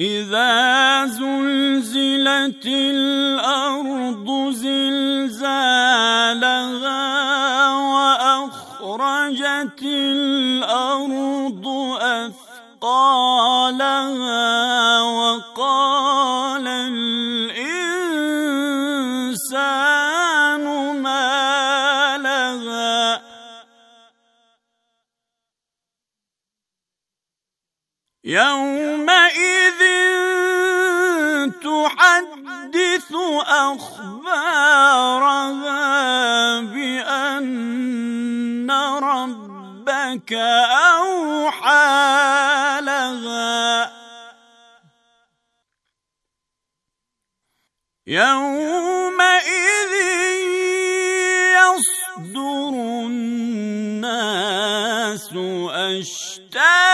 إذا زلزلت الأرض زلزالها وأخرجت الأرض أثقالها وقالت أخبارها بأن ربك أوحى لها يومئذ يصدر الناس أشتاق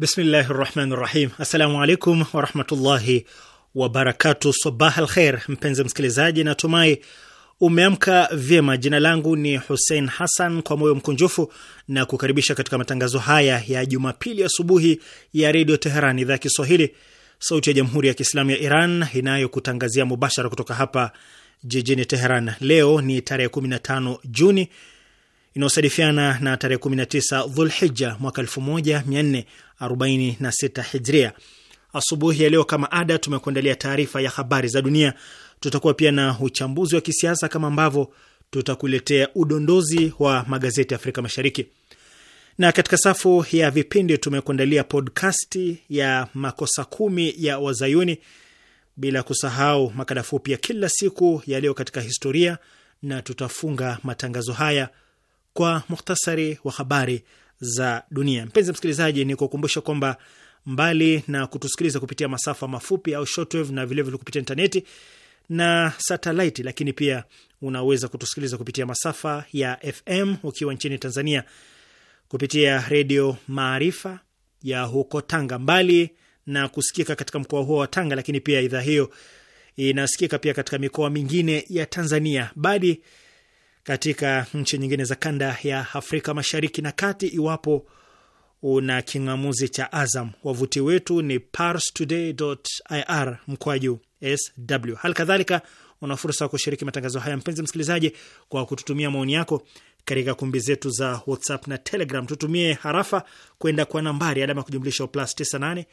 Bismillahi rahmani rahim. Assalamu alaikum warahmatullahi wabarakatu. Sabah al kheir, mpenzi msikilizaji, natumai umeamka vyema. Jina langu ni Hussein Hassan, kwa moyo mkunjufu na kukaribisha katika matangazo haya ya Jumapili asubuhi ya Redio Teheran, idhaa ya Kiswahili, sauti ya Jamhuri ya Kiislamu ya Iran inayokutangazia mubashara kutoka hapa jijini Teheran. Leo ni tarehe 15 Juni inayosadifiana na tarehe 19 Dhulhija mwaka 1446 Hijria. Asubuhi ya leo kama ada, tumekuandalia taarifa ya habari za dunia. Tutakuwa pia na uchambuzi wa kisiasa kama ambavyo tutakuletea udondozi wa magazeti ya Afrika Mashariki, na katika safu ya vipindi tumekuandalia podkasti ya makosa kumi ya Wazayuni, bila kusahau makala fupi ya kila siku yaliyo katika historia, na tutafunga matangazo haya kwa muhtasari wa habari za dunia. Mpenzi msikilizaji, ni kukumbusha kwamba mbali na kutusikiliza kupitia masafa mafupi au shortwave na vilevile kupitia intaneti na satelaiti, lakini pia unaweza kutusikiliza kupitia masafa ya FM ukiwa nchini Tanzania kupitia Redio Maarifa ya huko Tanga, mbali na kusikika katika mkoa huo wa Tanga, lakini pia idhaa hiyo inasikika pia katika mikoa mingine ya Tanzania badi katika nchi nyingine za kanda ya Afrika Mashariki na Kati. Iwapo una king'amuzi cha Azam, wavuti wetu ni parstoday.ir mkwaju sw. Hali kadhalika una fursa ya kushiriki matangazo haya, mpenzi msikilizaji, kwa kututumia maoni yako katika kumbi zetu za WhatsApp na Telegram. Tutumie harafa kwenda kwa nambari alama ya kujumlisha plus 98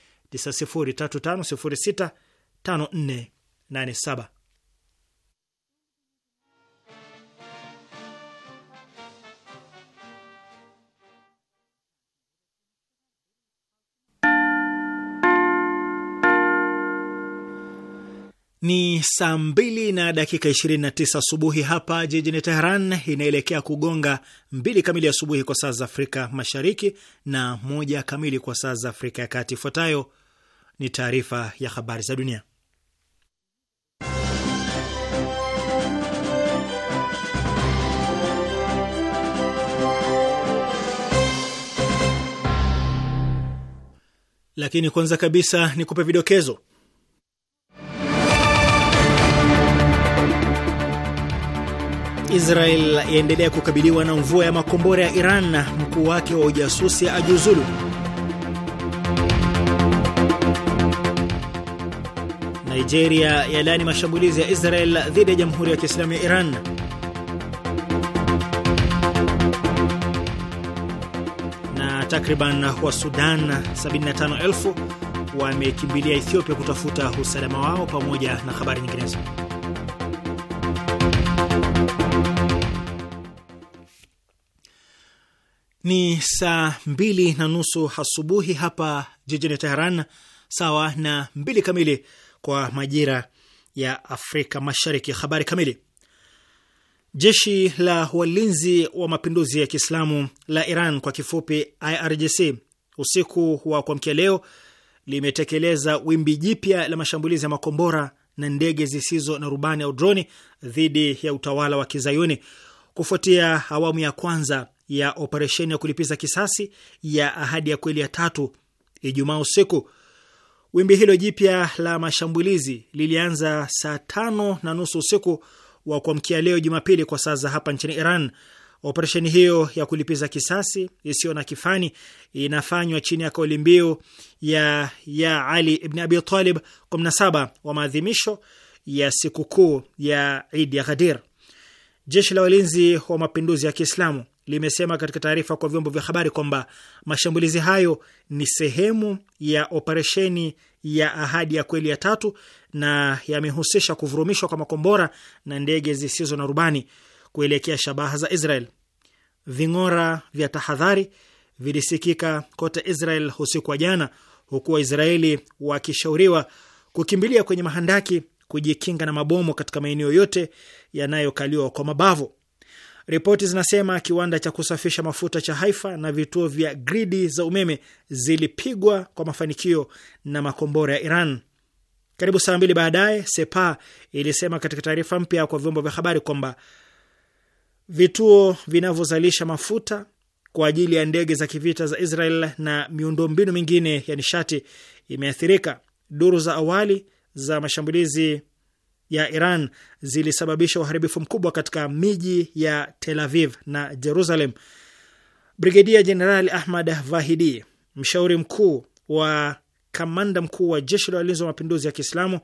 9035065487. Ni saa mbili na dakika 29 asubuhi hapa jijini Teheran, inaelekea kugonga mbili kamili asubuhi kwa saa za Afrika Mashariki na moja kamili kwa saa za Afrika ya Kati. Ifuatayo ni taarifa ya habari za dunia, lakini kwanza kabisa ni kupe vidokezo Israel yaendelea kukabiliwa na mvua ya makombora ya Iran na mkuu wake wa ujasusi ajiuzulu. Nigeria yalani mashambulizi ya Israel dhidi ya Jamhuri ya Kiislamu ya Iran. Na takriban wa Sudan 75,000 wamekimbilia Ethiopia kutafuta usalama wao pamoja na habari nyinginezo. Ni saa mbili na nusu asubuhi hapa jijini Teheran, sawa na mbili kamili kwa majira ya Afrika Mashariki. Habari kamili. Jeshi la walinzi wa mapinduzi ya Kiislamu la Iran kwa kifupi IRGC usiku wa kuamkia leo limetekeleza wimbi jipya la mashambulizi ya makombora na ndege zisizo na rubani au droni dhidi ya utawala wa Kizayuni kufuatia awamu ya kwanza ya operesheni ya kulipiza kisasi ya Ahadi ya Kweli ya tatu Ijumaa usiku. Wimbi hilo jipya la mashambulizi lilianza saa tano na nusu usiku wa kuamkia leo Jumapili kwa saa za hapa nchini Iran. Operesheni hiyo ya kulipiza kisasi isiyo na kifani inafanywa chini ya kauli mbiu ya ya Ali ibn Abi Talib kwa mnasaba wa maadhimisho ya sikukuu ya Idi ya Ghadir. Jeshi la walinzi wa mapinduzi ya Kiislamu limesema katika taarifa kwa vyombo vya habari kwamba mashambulizi hayo ni sehemu ya operesheni ya Ahadi ya Kweli ya tatu na yamehusisha kuvurumishwa kwa makombora na ndege zisizo na rubani kuelekea shabaha za Israel. Ving'ora vya tahadhari vilisikika kote Israel usiku wa jana, huku Waisraeli wakishauriwa kukimbilia kwenye mahandaki kujikinga na mabomu katika maeneo yote yanayokaliwa kwa mabavu. Ripoti zinasema kiwanda cha kusafisha mafuta cha Haifa na vituo vya gridi za umeme zilipigwa kwa mafanikio na makombora ya Iran. Karibu saa mbili baadaye, Sepa ilisema katika taarifa mpya kwa vyombo vya habari kwamba vituo vinavyozalisha mafuta kwa ajili ya ndege za kivita za Israel na miundombinu mingine ya nishati imeathirika. Duru za awali za mashambulizi ya Iran zilisababisha uharibifu mkubwa katika miji ya Tel Aviv na Jerusalem. Brigedia Jenerali Ahmad Vahidi, mshauri mkuu wa kamanda mkuu wa jeshi la walinzi wa mapinduzi ya Kiislamu,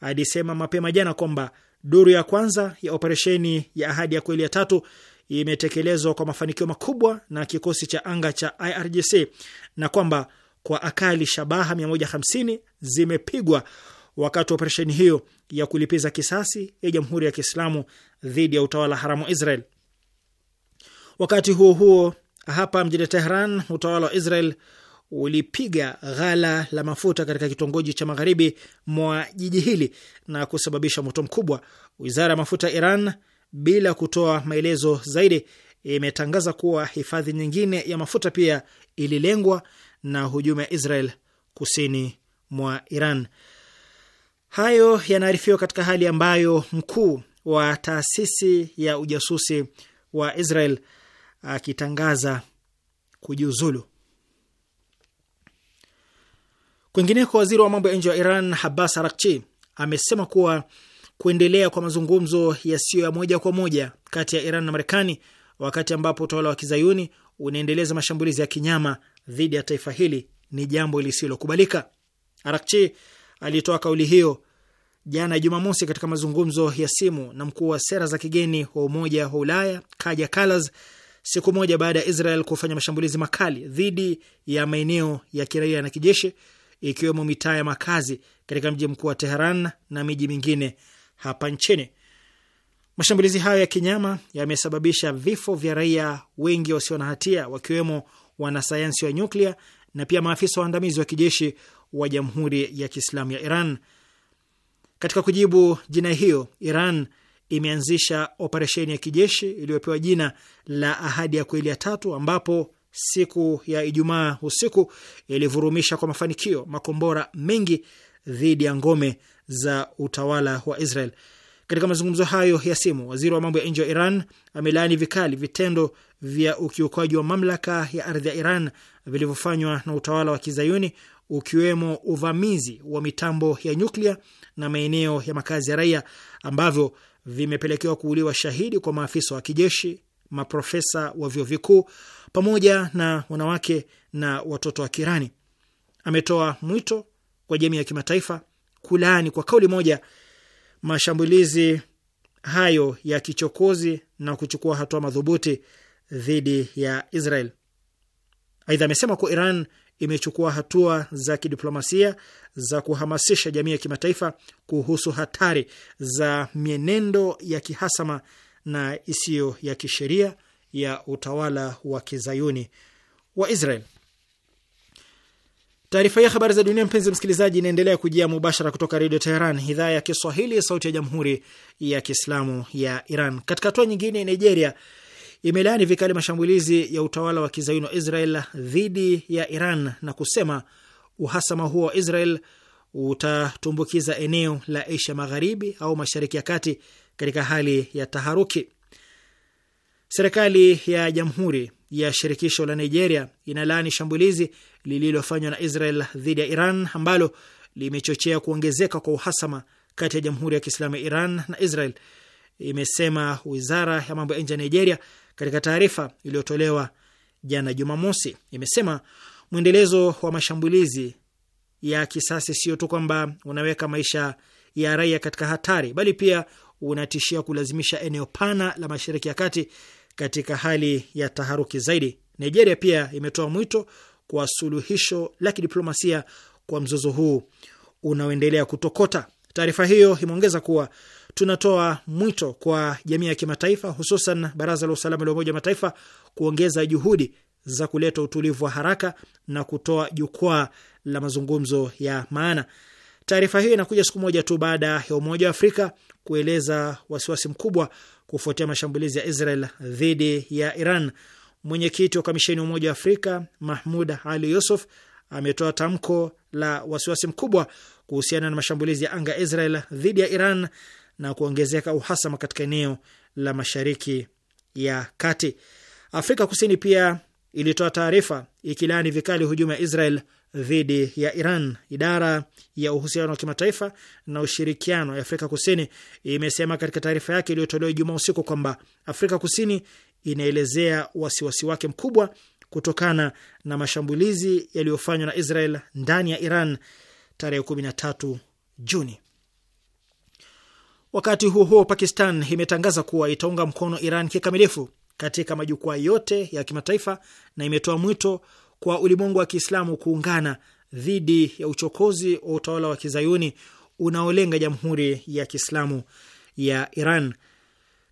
alisema mapema jana kwamba duru ya kwanza ya operesheni ya Ahadi ya Kweli ya tatu imetekelezwa kwa mafanikio makubwa na kikosi cha anga cha IRGC na kwamba kwa akali shabaha 150 zimepigwa wakati wa operesheni hiyo ya kulipiza kisasi ya jamhuri ya Kiislamu dhidi ya utawala haramu Israel. Wakati huo huo, hapa mjini Tehran, utawala wa Israel ulipiga ghala la mafuta katika kitongoji cha magharibi mwa jiji hili na kusababisha moto mkubwa. Wizara ya mafuta ya Iran, bila kutoa maelezo zaidi, imetangaza kuwa hifadhi nyingine ya mafuta pia ililengwa na hujuma ya Israel kusini mwa Iran. Hayo yanaarifiwa katika hali ambayo mkuu wa taasisi ya ujasusi wa Israel akitangaza kujiuzulu. Kwingineko, waziri wa mambo ya nje wa Iran Habas Arakchi amesema kuwa kuendelea kwa mazungumzo yasiyo ya moja kwa moja kati ya Iran na Marekani wakati ambapo utawala wa kizayuni unaendeleza mashambulizi ya kinyama dhidi ya taifa hili ni jambo lisilokubalika. Arakchi alitoa kauli hiyo jana Jumamosi katika mazungumzo ya simu na mkuu wa sera za kigeni wa Umoja wa Ulaya Kaja Kallas, siku moja baada ya Israel kufanya mashambulizi makali dhidi ya maeneo ya kiraia na kijeshi, ikiwemo mitaa ya makazi katika mji mkuu wa Teheran na miji mingine hapa nchini. Mashambulizi hayo ya kinyama yamesababisha vifo vya raia wengi wasio na hatia, wakiwemo wanasayansi wa nyuklia na pia maafisa waandamizi wa kijeshi wa Jamhuri ya Kiislamu ya Iran. Katika kujibu jinai hiyo, Iran imeanzisha operesheni ya kijeshi iliyopewa jina la Ahadi ya Kweli ya Tatu, ambapo siku ya Ijumaa usiku ilivurumisha kwa mafanikio makombora mengi dhidi ya ngome za utawala wa Israel. Katika mazungumzo hayo ya simu, waziri wa mambo ya nje wa Iran amelaani vikali vitendo vya ukiukaji wa mamlaka ya ardhi ya Iran vilivyofanywa na utawala wa kizayuni ukiwemo uvamizi wa mitambo ya nyuklia na maeneo ya makazi ya raia ambavyo vimepelekewa kuuliwa shahidi kwa maafisa wa kijeshi, maprofesa wa vyuo vikuu, pamoja na wanawake na watoto wa Kirani. Ametoa mwito kwa jamii ya kimataifa kulaani kwa kauli moja mashambulizi hayo ya kichokozi na kuchukua hatua madhubuti dhidi ya Israel. Aidha, amesema kuwa Iran imechukua hatua za kidiplomasia za kuhamasisha jamii ya kimataifa kuhusu hatari za mienendo ya kihasama na isiyo ya kisheria ya utawala wa kizayuni wa Israel. Taarifa ya habari za dunia, mpenzi msikilizaji, inaendelea kujia mubashara kutoka Redio Teheran, idhaa ya Kiswahili, sauti ya jamhuri ya kiislamu ya Iran. Katika hatua nyingine, Nigeria imelaani vikali mashambulizi ya utawala wa kizayuni wa Israel dhidi ya Iran na kusema uhasama huo wa Israel utatumbukiza eneo la Asia Magharibi au Mashariki ya Kati katika hali ya taharuki. Serikali ya Jamhuri ya Shirikisho la Nigeria inalaani shambulizi lililofanywa na Israel dhidi ya Iran ambalo limechochea kuongezeka kwa uhasama kati ya Jamhuri ya Kiislamu ya Iran na Israel, imesema wizara ya mambo ya nje ya Nigeria katika taarifa iliyotolewa jana Jumamosi, imesema mwendelezo wa mashambulizi ya kisasi sio tu kwamba unaweka maisha ya raia katika hatari, bali pia unatishia kulazimisha eneo pana la Mashariki ya Kati katika hali ya taharuki zaidi. Nigeria pia imetoa mwito kwa suluhisho la kidiplomasia kwa mzozo huu unaoendelea kutokota. Taarifa hiyo imeongeza kuwa tunatoa mwito kwa jamii ya kimataifa, hususan Baraza la Usalama la Umoja wa Mataifa kuongeza juhudi za kuleta utulivu wa haraka na kutoa jukwaa la mazungumzo ya maana. Taarifa hiyo inakuja siku moja tu baada ya Umoja wa Afrika kueleza wasiwasi mkubwa kufuatia mashambulizi ya Israel dhidi ya Iran. Mwenyekiti wa kamisheni ya Umoja wa Afrika Mahmud Ali Yusuf ametoa tamko la wasiwasi mkubwa kuhusiana na mashambulizi ya anga Israel dhidi ya Iran na kuongezeka uhasama katika eneo la Mashariki ya Kati. Afrika Kusini pia ilitoa taarifa ikilaani vikali hujuma ya Israel dhidi ya Iran. Idara ya uhusiano wa kimataifa na ushirikiano ya Afrika Kusini imesema katika taarifa yake iliyotolewa Ijumaa usiku kwamba Afrika Kusini inaelezea wasiwasi wake mkubwa kutokana na mashambulizi yaliyofanywa na Israel ndani ya Iran tarehe 13 Juni. Wakati huo huo, Pakistan imetangaza kuwa itaunga mkono Iran kikamilifu katika majukwaa yote ya kimataifa na imetoa mwito kwa ulimwengu wa Kiislamu kuungana dhidi ya uchokozi wa utawala wa kizayuni unaolenga Jamhuri ya Kiislamu ya Iran.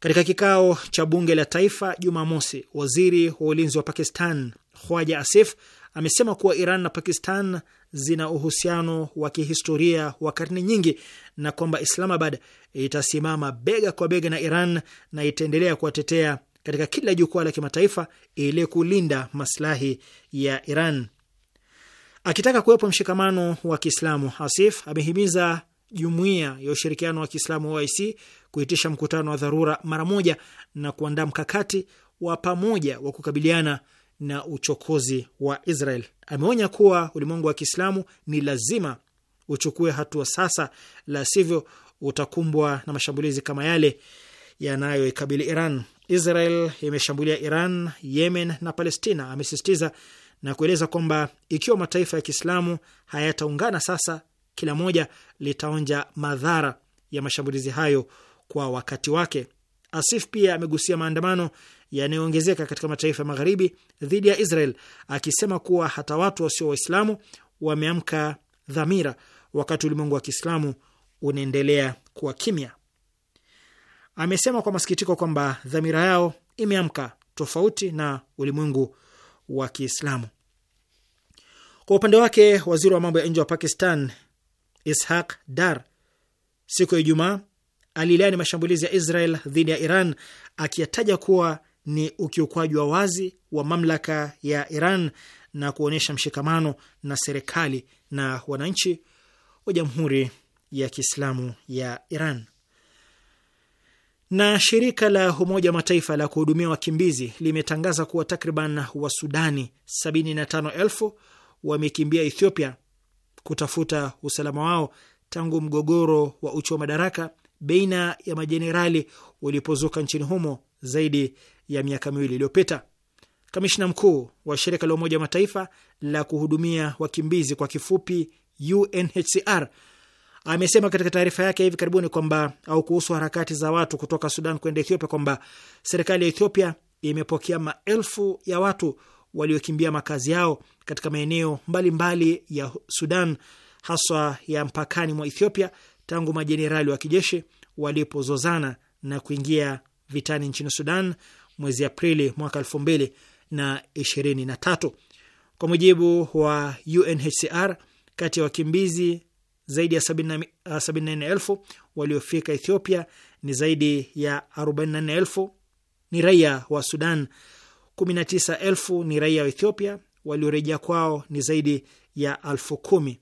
Katika kikao cha bunge la taifa Jumamosi, waziri wa ulinzi wa Pakistan Khwaja Asif amesema kuwa Iran na Pakistan zina uhusiano wa kihistoria wa karne nyingi na kwamba Islamabad itasimama bega kwa bega na Iran na itaendelea kuwatetea katika kila jukwaa la kimataifa ili kulinda maslahi ya Iran. Akitaka kuwepo mshikamano wa Kiislamu, Asif amehimiza Jumuiya ya Ushirikiano wa Kiislamu OIC kuitisha mkutano wa dharura mara moja na kuandaa mkakati wa pamoja wa kukabiliana na uchokozi wa Israel. Ameonya kuwa ulimwengu wa Kiislamu ni lazima uchukue hatua sasa, la sivyo utakumbwa na mashambulizi kama yale yanayoikabili Iran. Israel imeshambulia Iran, Yemen na Palestina, amesisitiza na kueleza kwamba ikiwa mataifa ya Kiislamu hayataungana sasa, kila moja litaonja madhara ya mashambulizi hayo kwa wakati wake. Asif pia amegusia maandamano yanayoongezeka katika mataifa ya magharibi dhidi ya Israel, akisema kuwa hata watu wasio Waislamu wameamka dhamira wakati ulimwengu wa Kiislamu unaendelea kuwa kimya. Amesema kwa masikitiko kwamba dhamira yao imeamka tofauti na ulimwengu wa Kiislamu. Kwa upande wake, waziri wa mambo ya nje wa Pakistan Ishaq Dar siku ya Ijumaa alilaani mashambulizi ya Israel dhidi ya Iran akiyataja kuwa ni ukiukwaji wa wazi wa mamlaka ya Iran na kuonyesha mshikamano na serikali na wananchi wa Jamhuri ya Kiislamu ya Iran. Na shirika la Umoja wa Mataifa la kuhudumia wakimbizi limetangaza kuwa takriban Wasudani 75,000 wamekimbia Ethiopia kutafuta usalama wao tangu mgogoro wa uchu wa madaraka baina ya majenerali ulipozuka nchini humo zaidi ya miaka miwili iliyopita. Kamishna mkuu wa shirika la Umoja wa Mataifa la kuhudumia wakimbizi kwa kifupi UNHCR amesema katika taarifa yake hivi karibuni kwamba au kuhusu harakati za watu kutoka Sudan kwenda Ethiopia kwamba serikali ya Ethiopia imepokea maelfu ya watu waliokimbia makazi yao katika maeneo mbalimbali ya Sudan, haswa ya mpakani mwa Ethiopia, tangu majenerali wa kijeshi walipozozana na kuingia vitani nchini Sudan mwezi Aprili mwaka elfu mbili na ishirini na tatu. Kwa mujibu wa UNHCR, kati ya wakimbizi zaidi ya ah, elfu waliofika Ethiopia ni zaidi ya elfu ni raia wa Sudan, elfu ni raia wa Ethiopia, waliorejea kwao ni zaidi ya elfu kumi.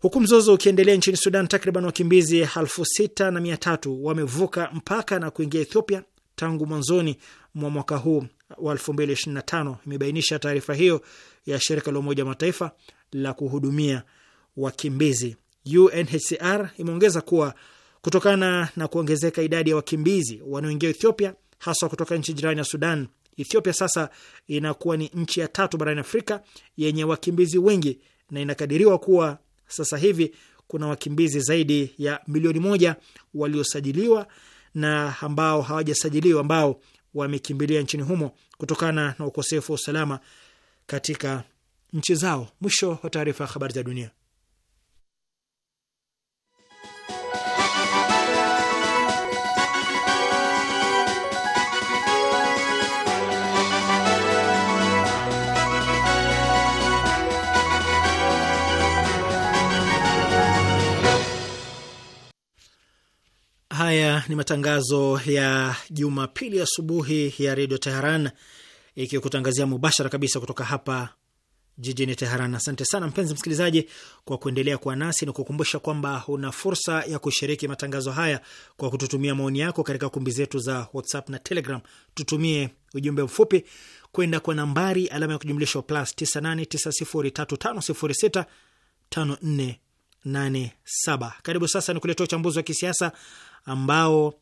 Huku mzozo ukiendelea nchini Sudan, takriban wakimbizi elfu sita na mia tatu wamevuka mpaka na kuingia Ethiopia tangu mwanzoni mwa mwaka huu wa 2025, imebainisha taarifa hiyo ya shirika la Umoja wa Mataifa la kuhudumia wakimbizi. UNHCR imeongeza kuwa kutokana na kuongezeka idadi ya wakimbizi wanaoingia Ethiopia, haswa kutoka nchi jirani ya Sudan, Ethiopia sasa inakuwa ni nchi ya tatu barani Afrika yenye wakimbizi wengi na inakadiriwa kuwa sasa hivi kuna wakimbizi zaidi ya milioni moja waliosajiliwa na ambao hawajasajiliwa ambao wamekimbilia nchini humo kutokana na ukosefu wa usalama katika nchi zao. Mwisho wa taarifa ya habari za dunia. Haya ni matangazo ya Jumapili asubuhi ya redio Teheran, ikikutangazia mubashara kabisa kutoka hapa jijini Teheran. Asante sana mpenzi msikilizaji kwa kuendelea kuwa nasi na kukumbusha kwamba una fursa ya kushiriki matangazo haya kwa kututumia maoni yako katika kumbi zetu za WhatsApp na Telegram. Tutumie ujumbe mfupi kwenda kwa nambari alama ya kujumlisha plus 989035065487. Karibu sasa ni kuletea uchambuzi wa kisiasa ambao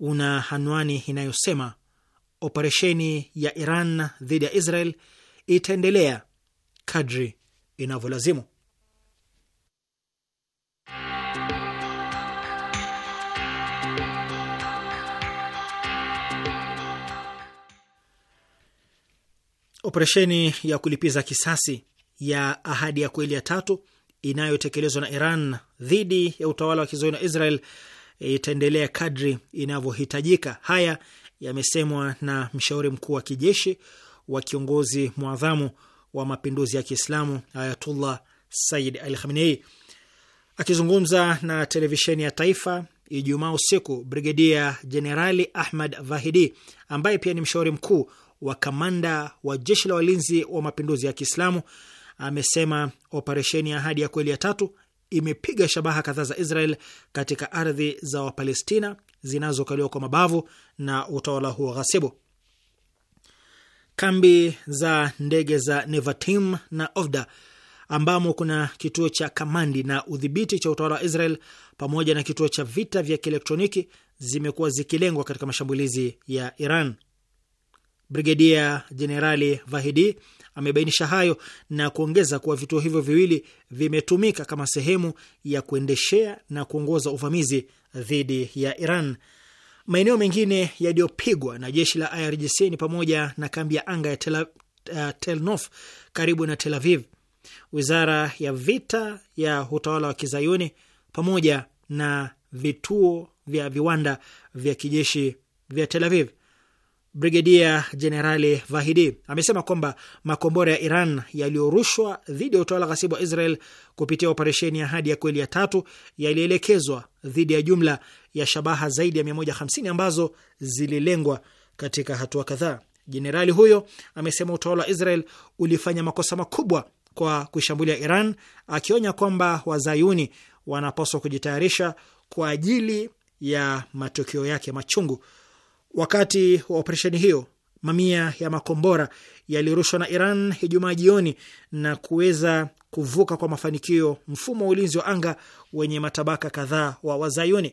una hanwani inayosema operesheni ya Iran dhidi ya Israel itaendelea kadri inavyolazimu. Operesheni ya kulipiza kisasi ya Ahadi ya Kweli ya tatu inayotekelezwa na Iran dhidi ya utawala wa kizayuni wa Israel itaendelea kadri inavyohitajika. Haya yamesemwa na mshauri mkuu wa kijeshi wa kiongozi mwadhamu wa mapinduzi ya Kiislamu Ayatullah Sayyid Ali Khamenei akizungumza na televisheni ya taifa Ijumaa usiku. Brigedia Jenerali Ahmad Vahidi ambaye pia ni mshauri mkuu wa kamanda wa jeshi la walinzi wa mapinduzi ya Kiislamu amesema operesheni ya Ahadi ya Kweli ya tatu imepiga shabaha kadhaa za Israel katika ardhi za Wapalestina zinazokaliwa kwa mabavu na utawala huo ghasibu. Kambi za ndege za Nevatim na Ofda ambamo kuna kituo cha kamandi na udhibiti cha utawala wa Israel pamoja na kituo cha vita vya kielektroniki zimekuwa zikilengwa katika mashambulizi ya Iran. Brigedia Jenerali Vahidi Amebainisha hayo na kuongeza kuwa vituo hivyo viwili vimetumika kama sehemu ya kuendeshea na kuongoza uvamizi dhidi ya Iran. Maeneo mengine yaliyopigwa na jeshi la IRGC ni pamoja na kambi ya anga ya Tel, uh, Tel Nof karibu na Tel Aviv, wizara ya vita ya utawala wa Kizayuni pamoja na vituo vya viwanda vya kijeshi vya Tel Aviv. Brigedia Jenerali Vahidi amesema kwamba makombora ya Iran yaliyorushwa dhidi ya utawala ghasibu wa Israel kupitia operesheni ya Ahadi ya Kweli ya tatu yalielekezwa dhidi ya jumla ya shabaha zaidi ya 150 ambazo zililengwa katika hatua kadhaa. Jenerali huyo amesema utawala wa Israel ulifanya makosa makubwa kwa kuishambulia Iran, akionya kwamba wazayuni wanapaswa kujitayarisha kwa ajili ya matokeo yake machungu. Wakati wa operesheni hiyo, mamia ya makombora yalirushwa na Iran Ijumaa jioni na kuweza kuvuka kwa mafanikio mfumo wa ulinzi wa anga wenye matabaka kadhaa wa Wazayuni.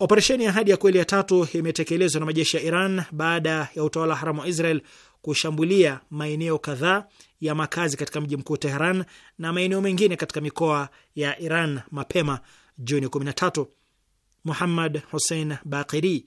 Operesheni ya Ahadi ya Kweli ya tatu imetekelezwa na majeshi ya Iran baada ya utawala haramu wa Israel kushambulia maeneo kadhaa ya makazi katika mji mkuu Teheran na maeneo mengine katika mikoa ya Iran mapema Juni 13. Muhammad Hussein Baqiri,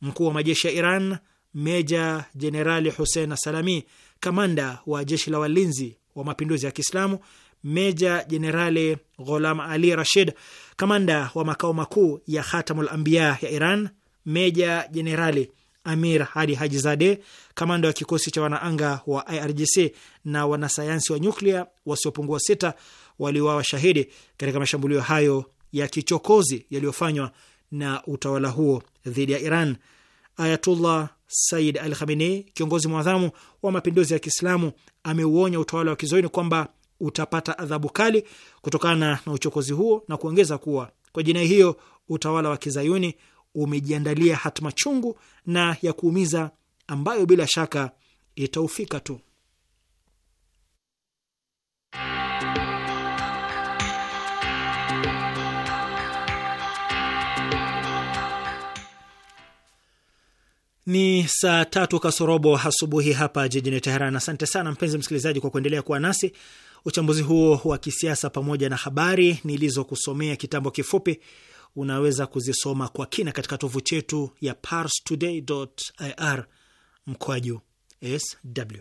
mkuu wa majeshi ya Iran Meja Jenerali Hussein Salami, kamanda wa jeshi la walinzi wa mapinduzi ya Kiislamu Meja Jenerali Gholam Ali Rashid, kamanda wa makao makuu ya Khatamul Anbiya ya Iran Meja Jenerali Amir Hadi Haji Zade, kamanda wa kikosi cha wanaanga wa IRGC na wanasayansi wa nyuklia wasiopungua sita waliuawa shahidi katika mashambulio hayo ya kichokozi yaliyofanywa na utawala huo dhidi ya Iran. Ayatullah Sayyid Al Khamenei, kiongozi mwadhamu wa mapinduzi ya Kiislamu, ameuonya utawala wa kizoini kwamba utapata adhabu kali kutokana na uchokozi huo na kuongeza kuwa kwa jinai hiyo utawala wa kizayuni umejiandalia hatima chungu na ya kuumiza ambayo bila shaka itaufika tu. Ni saa tatu kasorobo asubuhi hapa jijini Teheran. Asante sana mpenzi msikilizaji kwa kuendelea kuwa nasi. Uchambuzi huo wa kisiasa pamoja na habari nilizokusomea kitambo kifupi unaweza kuzisoma kwa kina katika tovuti yetu ya parstoday.ir mkwaju sw.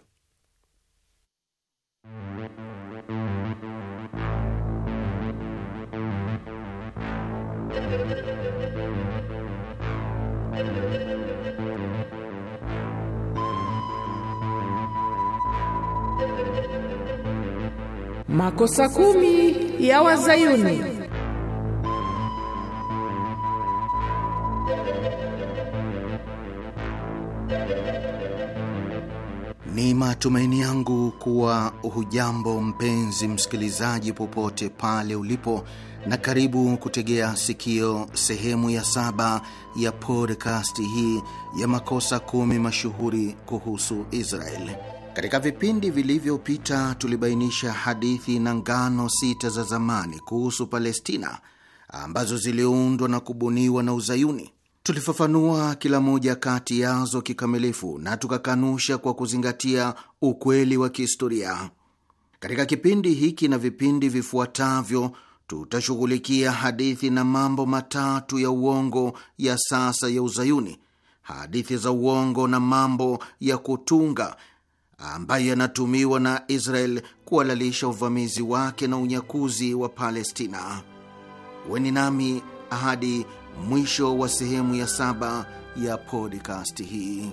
Makosa kumi ya Wazayuni. Ni matumaini yangu kuwa hujambo mpenzi msikilizaji, popote pale ulipo, na karibu kutegea sikio sehemu ya saba ya podcast hii ya makosa kumi mashuhuri kuhusu Israeli. Katika vipindi vilivyopita tulibainisha hadithi na ngano sita za zamani kuhusu Palestina ambazo ziliundwa na kubuniwa na Uzayuni. Tulifafanua kila moja kati yazo kikamilifu na tukakanusha kwa kuzingatia ukweli wa kihistoria. Katika kipindi hiki na vipindi vifuatavyo, tutashughulikia hadithi na mambo matatu ya uongo ya sasa ya Uzayuni, hadithi za uongo na mambo ya kutunga ambaye yanatumiwa na Israel kuhalalisha uvamizi wake na unyakuzi wa Palestina. Weni nami hadi mwisho wa sehemu ya saba ya podcast hii.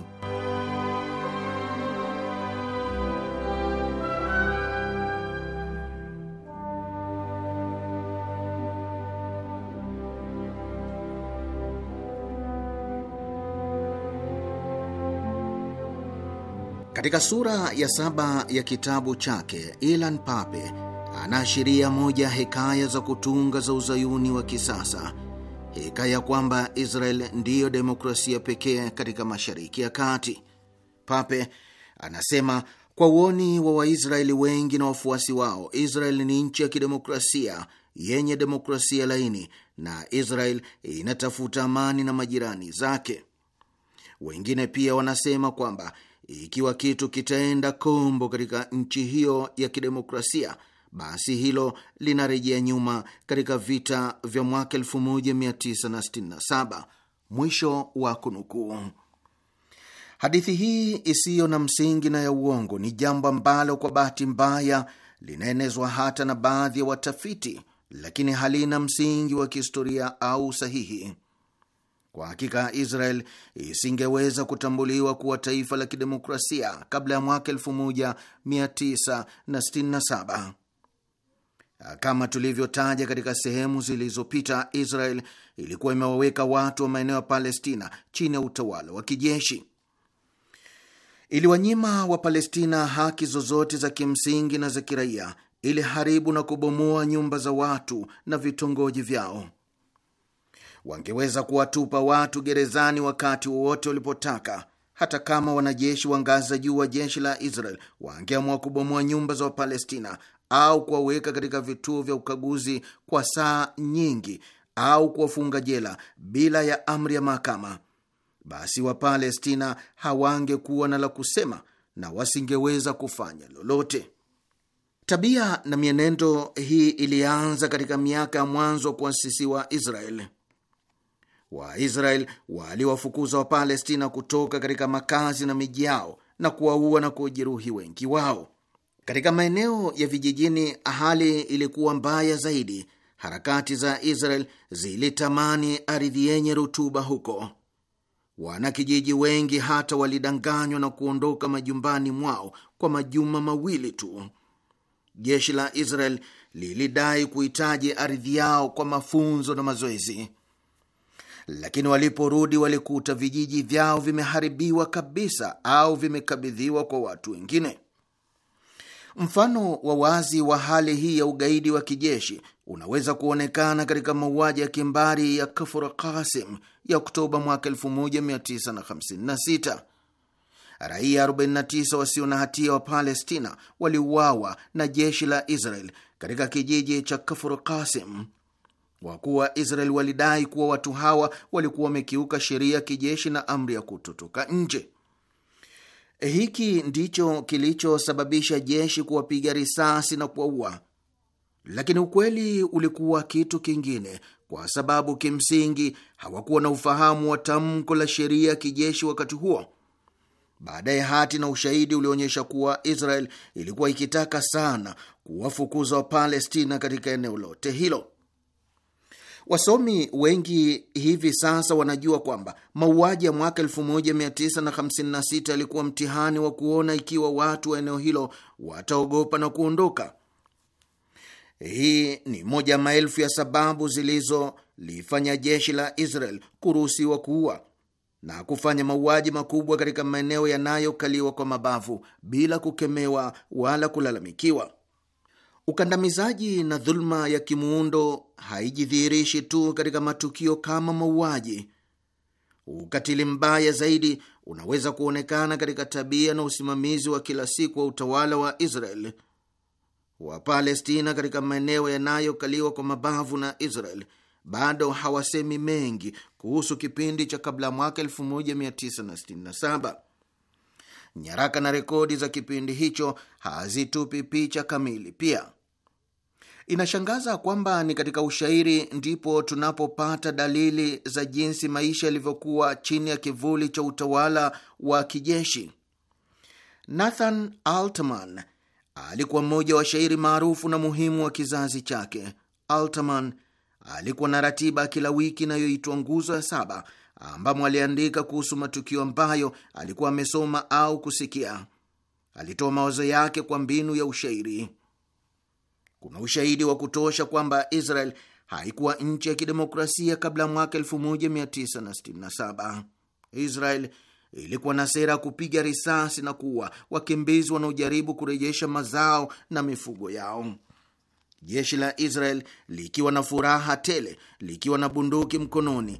Katika sura ya saba ya kitabu chake Ilan Pape anaashiria moja hekaya za kutunga za uzayuni wa kisasa, hekaya kwamba Israel ndiyo demokrasia pekee katika Mashariki ya Kati. Pape anasema kwa uoni wa Waisraeli wengi na wafuasi wao, Israel ni nchi ya kidemokrasia yenye demokrasia laini, na Israel inatafuta amani na majirani zake. Wengine pia wanasema kwamba ikiwa kitu kitaenda kombo katika nchi hiyo ya kidemokrasia, basi hilo linarejea nyuma katika vita vya mwaka 1967. Mwisho wa kunukuu. Hadithi hii isiyo na msingi na ya uongo ni jambo ambalo kwa bahati mbaya linaenezwa hata na baadhi ya watafiti, lakini halina msingi wa kihistoria au sahihi. Kwa hakika Israel isingeweza kutambuliwa kuwa taifa la kidemokrasia kabla ya mwaka 1967. Kama tulivyotaja katika sehemu zilizopita, Israel ilikuwa imewaweka watu wa maeneo ya Palestina chini ya utawala wa kijeshi. Iliwanyima wa palestina haki zozote za kimsingi na za kiraia, iliharibu na kubomoa nyumba za watu na vitongoji vyao wangeweza kuwatupa watu gerezani wakati wowote walipotaka. Hata kama wanajeshi wa ngazi za juu wa jeshi la Israel wangeamua kubomoa nyumba za Wapalestina au kuwaweka katika vituo vya ukaguzi kwa saa nyingi au kuwafunga jela bila ya amri ya mahakama, basi Wapalestina hawangekuwa na la kusema na wasingeweza kufanya lolote. Tabia na mienendo hii ilianza katika miaka ya mwanzo wa kuasisiwa Israeli. Waisrael waliwafukuza Wapalestina kutoka katika makazi na miji yao na kuwaua na kujeruhi wengi wao. Katika maeneo ya vijijini, hali ilikuwa mbaya zaidi. Harakati za Israel zilitamani ardhi yenye rutuba huko. Wanakijiji wengi hata walidanganywa na kuondoka majumbani mwao kwa majuma mawili tu. Jeshi la Israel lilidai kuhitaji ardhi yao kwa mafunzo na mazoezi lakini waliporudi walikuta vijiji vyao vimeharibiwa kabisa au vimekabidhiwa kwa watu wengine. Mfano wa wazi wa hali hii ya ugaidi wa kijeshi unaweza kuonekana katika mauaji ya kimbari ya Kafur Qasim ya Oktoba mwaka 1956. Raia 49 wasio na hatia wa Palestina waliuawa na jeshi la Israel katika kijiji cha Kafur Qasim kwa kuwa Israel walidai kuwa watu hawa walikuwa wamekiuka sheria ya kijeshi na amri ya kutotoka nje. Hiki ndicho kilichosababisha jeshi kuwapiga risasi na kuwaua, lakini ukweli ulikuwa kitu kingine, kwa sababu kimsingi hawakuwa na ufahamu wa tamko la sheria ya kijeshi wakati huo. Baadaye hati na ushahidi ulionyesha kuwa Israel ilikuwa ikitaka sana kuwafukuza Wapalestina katika eneo lote hilo. Wasomi wengi hivi sasa wanajua kwamba mauaji ya mwaka 1956 yalikuwa mtihani wa kuona ikiwa watu wa eneo hilo wataogopa na kuondoka. Hii ni moja maelfu ya sababu zilizolifanya jeshi la Israel kuruhusiwa kuua na kufanya mauaji makubwa katika maeneo yanayokaliwa kwa mabavu bila kukemewa wala kulalamikiwa. Ukandamizaji na dhuluma ya kimuundo haijidhihirishi tu katika matukio kama mauaji. Ukatili mbaya zaidi unaweza kuonekana katika tabia na usimamizi wa kila siku wa utawala wa Israel. Wapalestina katika maeneo yanayokaliwa kwa mabavu na Israel bado hawasemi mengi kuhusu kipindi cha kabla ya mwaka 1967. Nyaraka na rekodi za kipindi hicho hazitupi picha kamili. Pia inashangaza kwamba ni katika ushairi ndipo tunapopata dalili za jinsi maisha yalivyokuwa chini ya kivuli cha utawala wa kijeshi. Nathan Altman alikuwa mmoja wa shairi maarufu na muhimu wa kizazi chake. Altman alikuwa na ratiba kila wiki inayoitwa Nguzo ya Saba ambamo aliandika kuhusu matukio ambayo alikuwa amesoma au kusikia. Alitoa mawazo yake kwa mbinu ya ushairi. Kuna ushahidi wa kutosha kwamba Israel haikuwa nchi ya kidemokrasia kabla ya mwaka 1967. Israel ilikuwa na sera ya kupiga risasi na kuua wakimbizi wanaojaribu kurejesha mazao na mifugo yao. Jeshi la Israel likiwa na furaha tele, likiwa na bunduki mkononi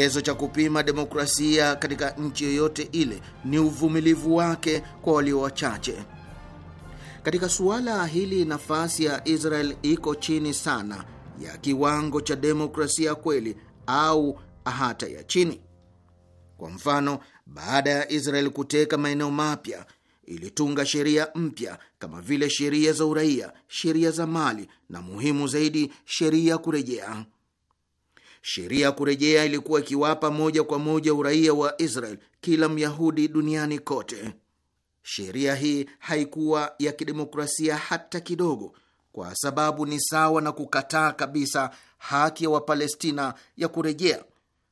Kigezo cha kupima demokrasia katika nchi yoyote ile ni uvumilivu wake kwa walio wachache. Katika suala hili, nafasi ya Israel iko chini sana ya kiwango cha demokrasia kweli au hata ya chini. Kwa mfano, baada ya Israel kuteka maeneo mapya, ilitunga sheria mpya kama vile sheria za uraia, sheria za mali na muhimu zaidi, sheria ya kurejea. Sheria ya kurejea ilikuwa ikiwapa moja kwa moja uraia wa Israel kila Myahudi duniani kote. Sheria hii haikuwa ya kidemokrasia hata kidogo, kwa sababu ni sawa na kukataa kabisa haki ya Wapalestina ya kurejea,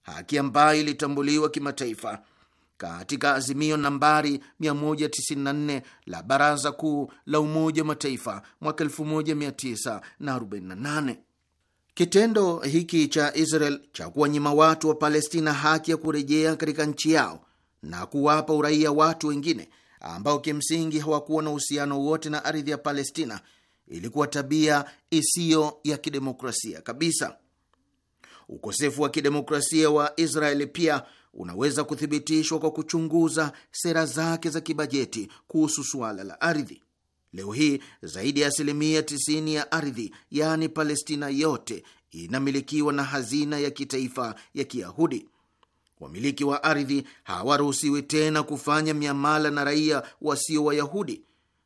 haki ambayo ilitambuliwa kimataifa katika azimio nambari 194 la Baraza Kuu la Umoja wa Mataifa mwaka 1948. Kitendo hiki cha Israel cha kuwanyima watu wa Palestina haki ya kurejea katika nchi yao na kuwapa uraia watu wengine ambao kimsingi hawakuwa na uhusiano wote na ardhi ya Palestina ilikuwa tabia isiyo ya kidemokrasia kabisa. Ukosefu wa kidemokrasia wa Israeli pia unaweza kuthibitishwa kwa kuchunguza sera zake za kibajeti kuhusu suala la ardhi. Leo hii zaidi ya asilimia 90 ya ardhi yaani Palestina yote inamilikiwa na hazina ya kitaifa ya Kiyahudi. Wamiliki wa ardhi hawaruhusiwi tena kufanya miamala na raia wasio Wayahudi,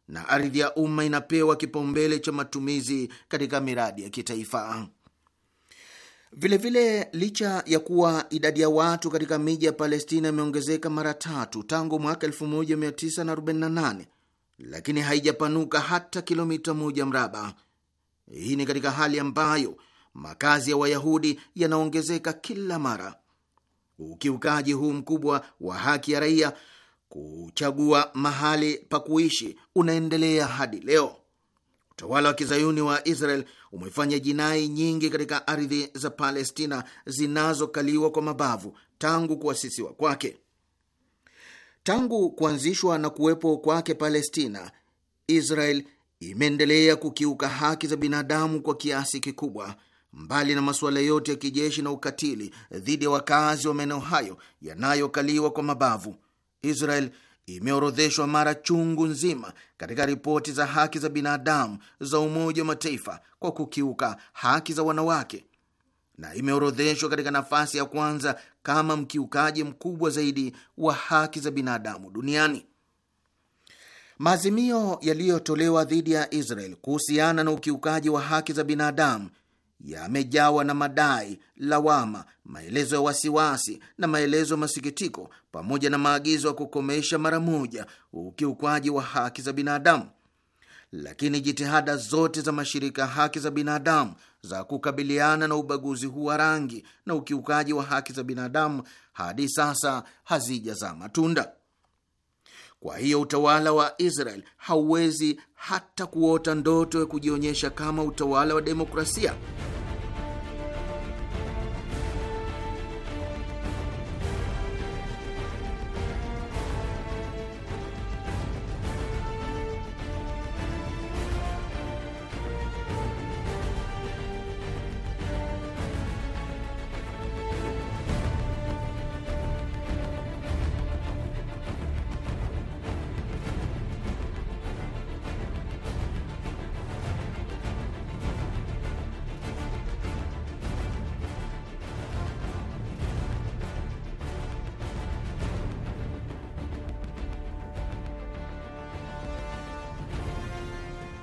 na ardhi ya umma inapewa kipaumbele cha matumizi katika miradi ya kitaifa. Vilevile vile, licha ya kuwa idadi ya watu katika miji ya Palestina imeongezeka mara tatu tangu mwaka 1948 lakini haijapanuka hata kilomita moja mraba. Hii ni katika hali ambayo makazi ya Wayahudi yanaongezeka kila mara. Ukiukaji huu mkubwa wa haki ya raia kuchagua mahali pa kuishi unaendelea hadi leo. Utawala wa kizayuni wa Israel umefanya jinai nyingi katika ardhi za Palestina zinazokaliwa kwa mabavu tangu kuasisiwa kwake. Tangu kuanzishwa na kuwepo kwake Palestina, Israel imeendelea kukiuka haki za binadamu kwa kiasi kikubwa. Mbali na masuala yote ya kijeshi na ukatili dhidi ya wakazi wa maeneo hayo yanayokaliwa kwa mabavu, Israel imeorodheshwa mara chungu nzima katika ripoti za haki za binadamu za Umoja wa Mataifa kwa kukiuka haki za wanawake, na imeorodheshwa katika nafasi ya kwanza kama mkiukaji mkubwa zaidi wa haki za binadamu duniani. Maazimio yaliyotolewa dhidi ya Israel kuhusiana na ukiukaji wa haki za binadamu yamejawa na madai, lawama, maelezo ya wasiwasi na maelezo ya masikitiko, pamoja na maagizo ya kukomesha mara moja ukiukwaji wa haki za binadamu. Lakini jitihada zote za mashirika ya haki za binadamu za kukabiliana na ubaguzi huu wa rangi na ukiukaji wa haki za binadamu hadi sasa hazijazaa matunda. Kwa hiyo utawala wa Israel hauwezi hata kuota ndoto ya kujionyesha kama utawala wa demokrasia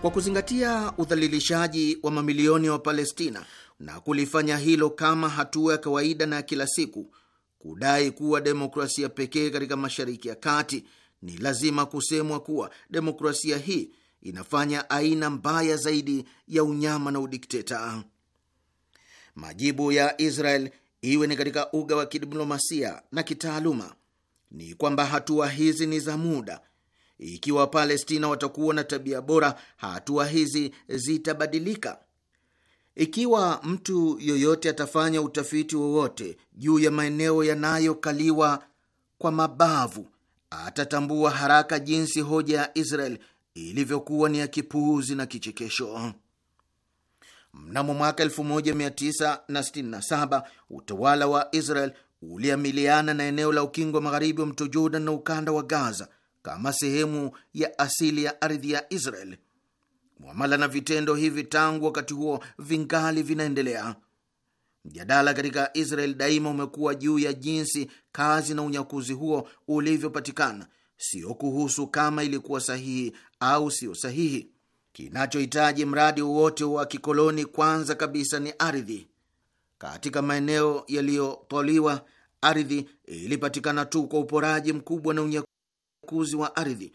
Kwa kuzingatia udhalilishaji wa mamilioni ya wa Wapalestina na kulifanya hilo kama hatua ya kawaida na ya kila siku, kudai kuwa demokrasia pekee katika Mashariki ya Kati, ni lazima kusemwa kuwa demokrasia hii inafanya aina mbaya zaidi ya unyama na udikteta. Majibu ya Israel, iwe ni katika uga wa kidiplomasia na kitaaluma, ni kwamba hatua hizi ni za muda ikiwa Wapalestina watakuwa na tabia bora, hatua hizi zitabadilika. Ikiwa mtu yoyote atafanya utafiti wowote juu ya maeneo yanayokaliwa kwa mabavu, atatambua haraka jinsi hoja ya Israel ilivyokuwa ni ya kipuuzi na kichekesho. Mnamo mwaka 1967 utawala wa Israel uliamiliana na eneo la ukingo wa magharibi wa mto Jordan na ukanda wa Gaza kama sehemu ya asili ya ardhi ya Israel. Mwamala na vitendo hivi tangu wakati huo vingali vinaendelea. Mjadala katika Israel daima umekuwa juu ya jinsi kazi na unyakuzi huo ulivyopatikana, sio kuhusu kama ilikuwa sahihi au siyo sahihi. Kinachohitaji mradi wowote wa kikoloni kwanza kabisa ni ardhi. Katika maeneo yaliyotwaliwa, ardhi ilipatikana tu kwa uporaji mkubwa na unyakuzi uchukuzi wa ardhi,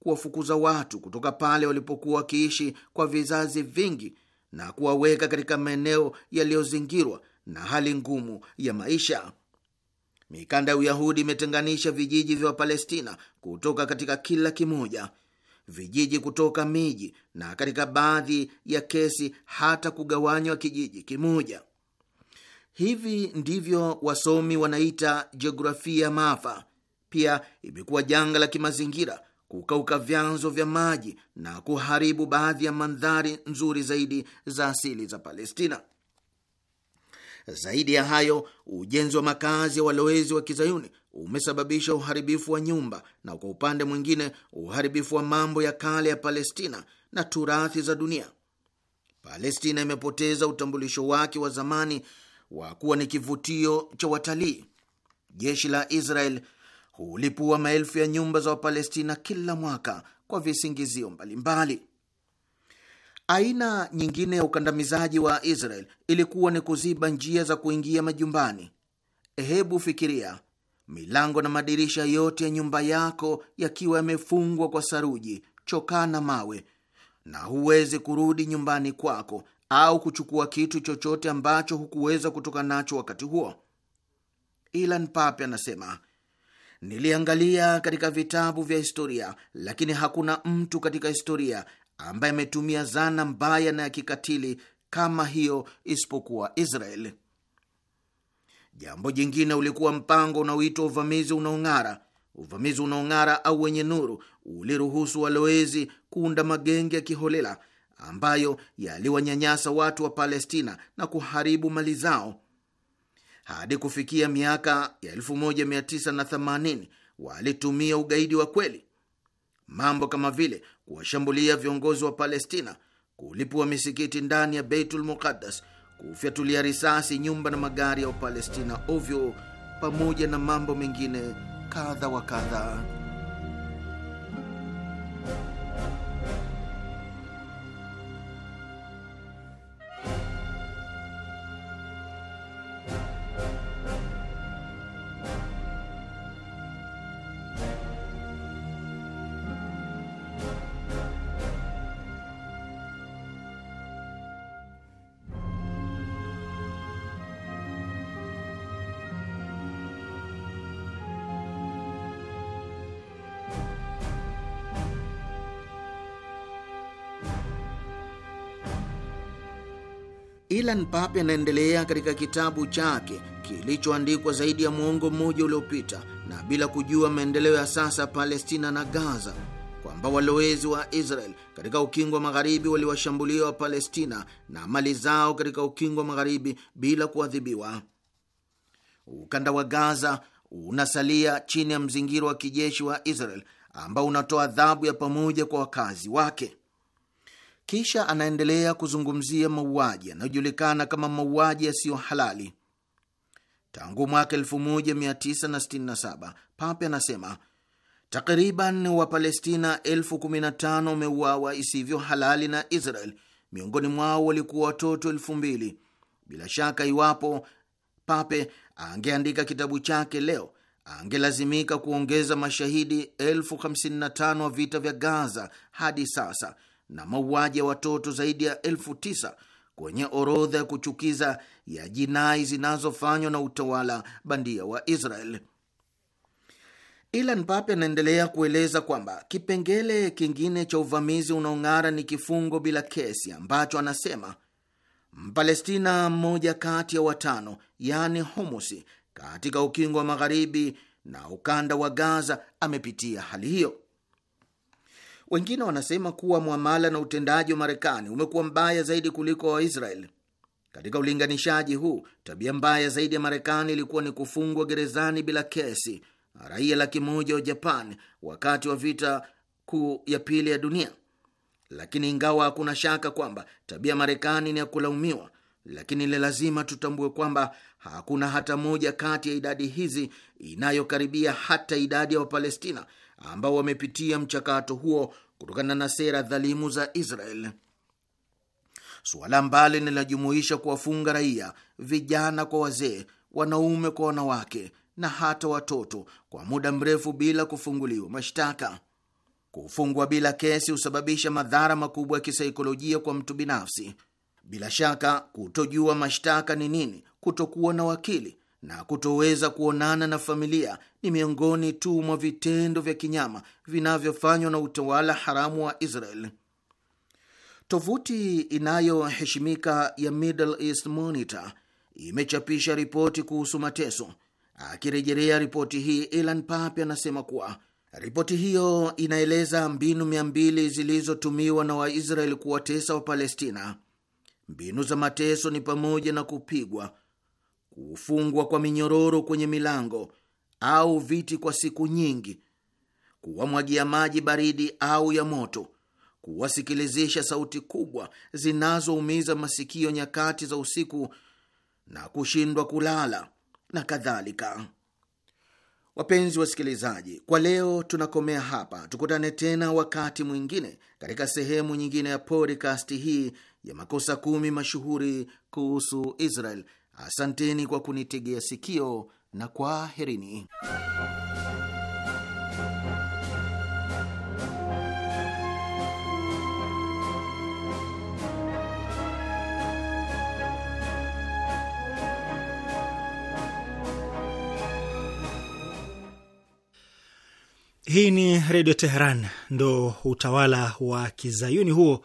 kuwafukuza watu kutoka pale walipokuwa wakiishi kwa vizazi vingi na kuwaweka katika maeneo yaliyozingirwa na hali ngumu ya maisha. Mikanda ya Uyahudi imetenganisha vijiji vya Wapalestina kutoka katika kila kimoja, vijiji kutoka miji, na katika baadhi ya kesi hata kugawanywa kijiji kimoja. Hivi ndivyo wasomi wanaita jiografia maafa, pia imekuwa janga la kimazingira, kukauka vyanzo vya maji na kuharibu baadhi ya mandhari nzuri zaidi za asili za Palestina. Zaidi ya hayo, ujenzi wa makazi ya walowezi wa kizayuni umesababisha uharibifu wa nyumba na kwa upande mwingine uharibifu wa mambo ya kale ya Palestina na turathi za dunia. Palestina imepoteza utambulisho wake wa zamani wa kuwa ni kivutio cha watalii. Jeshi la Israel hulipua maelfu ya nyumba za Wapalestina kila mwaka kwa visingizio mbalimbali. Aina nyingine ya ukandamizaji wa Israel ilikuwa ni kuziba njia za kuingia majumbani. Hebu fikiria milango na madirisha yote ya nyumba yako yakiwa yamefungwa kwa saruji, chokaa na mawe, na huwezi kurudi nyumbani kwako au kuchukua kitu chochote ambacho hukuweza kutoka nacho wakati huo. Ilan Pape anasema Niliangalia katika vitabu vya historia, lakini hakuna mtu katika historia ambaye ametumia zana mbaya na ya kikatili kama hiyo isipokuwa Israel. Jambo jingine ulikuwa mpango unaoitwa uvamizi unaong'ara. Uvamizi unaong'ara au wenye nuru uliruhusu walowezi kuunda magenge ya kiholela ambayo yaliwanyanyasa watu wa Palestina na kuharibu mali zao hadi kufikia miaka ya 1980 walitumia ugaidi wa kweli. Mambo kama vile kuwashambulia viongozi wa Palestina, kulipua misikiti ndani ya Beitul Muqaddas, kufyatulia risasi nyumba na magari ya Wapalestina ovyo, pamoja na mambo mengine kadha wa kadha. Ilan Pape anaendelea katika kitabu chake kilichoandikwa zaidi ya muongo mmoja uliopita na bila kujua maendeleo ya sasa Palestina na Gaza kwamba walowezi wa Israel katika ukingo wa magharibi waliwashambulia wa Palestina na mali zao katika ukingo wa magharibi bila kuadhibiwa. Ukanda wa Gaza unasalia chini ya mzingiro wa kijeshi wa Israel ambao unatoa adhabu ya pamoja kwa wakazi wake. Kisha anaendelea kuzungumzia mauaji yanayojulikana kama mauaji yasiyo halali. Tangu mwaka 1967 Pape anasema takriban Wapalestina elfu kumi na tano wameuawa isivyo halali na Israel, miongoni mwao walikuwa watoto elfu mbili. Bila shaka iwapo Pape angeandika kitabu chake leo angelazimika kuongeza mashahidi elfu hamsini na tano wa vita vya Gaza hadi sasa na mauaji ya watoto zaidi ya elfu tisa kwenye orodha ya kuchukiza ya jinai zinazofanywa na utawala bandia wa Israel. Ilan Pape anaendelea kueleza kwamba kipengele kingine cha uvamizi unaong'ara ni kifungo bila kesi ambacho anasema Mpalestina mmoja kati ya watano, yaani humusi, katika ukingo wa magharibi na ukanda wa Gaza amepitia hali hiyo. Wengine wanasema kuwa mwamala na utendaji wa Marekani umekuwa mbaya zaidi kuliko waisrael Katika ulinganishaji huu, tabia mbaya zaidi ya Marekani ilikuwa ni kufungwa gerezani bila kesi raia laki moja wa Japan wakati wa vita kuu ya pili ya dunia. Lakini ingawa hakuna shaka kwamba tabia Marekani ni ya kulaumiwa, lakini ni lazima tutambue kwamba hakuna hata moja kati ya idadi hizi inayokaribia hata idadi ya Wapalestina ambao wamepitia mchakato huo kutokana na sera dhalimu za Israel, suala ambalo linajumuisha kuwafunga raia, vijana kwa wazee, wanaume kwa wanawake na hata watoto kwa muda mrefu bila kufunguliwa mashtaka. Kufungwa bila kesi husababisha madhara makubwa ya kisaikolojia kwa mtu binafsi. Bila shaka, kutojua mashtaka ni nini, kutokuwa na wakili na kutoweza kuonana na familia ni miongoni tu mwa vitendo vya kinyama vinavyofanywa na utawala haramu wa Israel. Tovuti inayoheshimika ya Middle East Monitor imechapisha ripoti kuhusu mateso. Akirejelea ripoti hii, Elan Pape anasema kuwa ripoti hiyo inaeleza mbinu mia mbili zilizotumiwa na Waisraeli kuwatesa Wapalestina. Mbinu za mateso ni pamoja na kupigwa kufungwa kwa minyororo kwenye milango au viti kwa siku nyingi, kuwamwagia maji baridi au ya moto, kuwasikilizisha sauti kubwa zinazoumiza masikio nyakati za usiku na kushindwa kulala na kadhalika. Wapenzi wasikilizaji, kwa leo tunakomea hapa. Tukutane tena wakati mwingine katika sehemu nyingine ya podcast hii ya makosa kumi mashuhuri kuhusu Israel. Asanteni kwa kunitegea sikio na kwaherini. Hii ni Redio Teheran. Ndo utawala wa kizayuni huo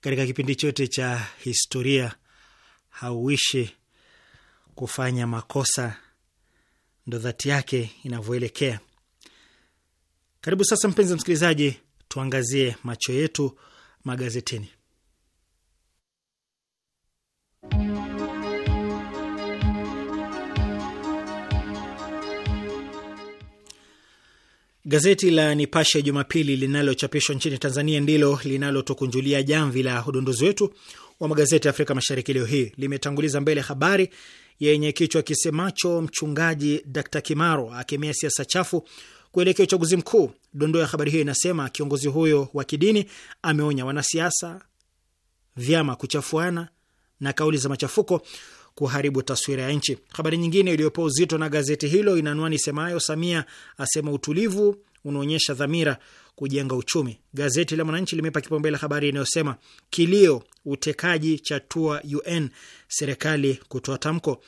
katika kipindi chote cha historia hauishi kufanya makosa, ndo dhati yake inavyoelekea. Karibu sasa, mpenzi msikilizaji, tuangazie macho yetu magazetini. Gazeti la Nipashe Jumapili linalochapishwa nchini Tanzania ndilo linalotukunjulia jamvi la udondozi wetu wa magazeti ya Afrika Mashariki leo hii. Limetanguliza mbele habari yenye kichwa kisemacho mchungaji Dr. Kimaro akemea siasa chafu kuelekea uchaguzi mkuu. Dondoo ya habari hiyo inasema kiongozi huyo wa kidini ameonya wanasiasa, vyama kuchafuana na kauli za machafuko kuharibu taswira ya nchi. Habari nyingine iliyopewa uzito na gazeti hilo ina anwani Samia asema utulivu unaonyesha dhamira kujenga uchumi. Gazeti la Mwananchi limepa kipaumbele habari inayosema kilio utekaji cha tua UN, serikali kutoa tamko.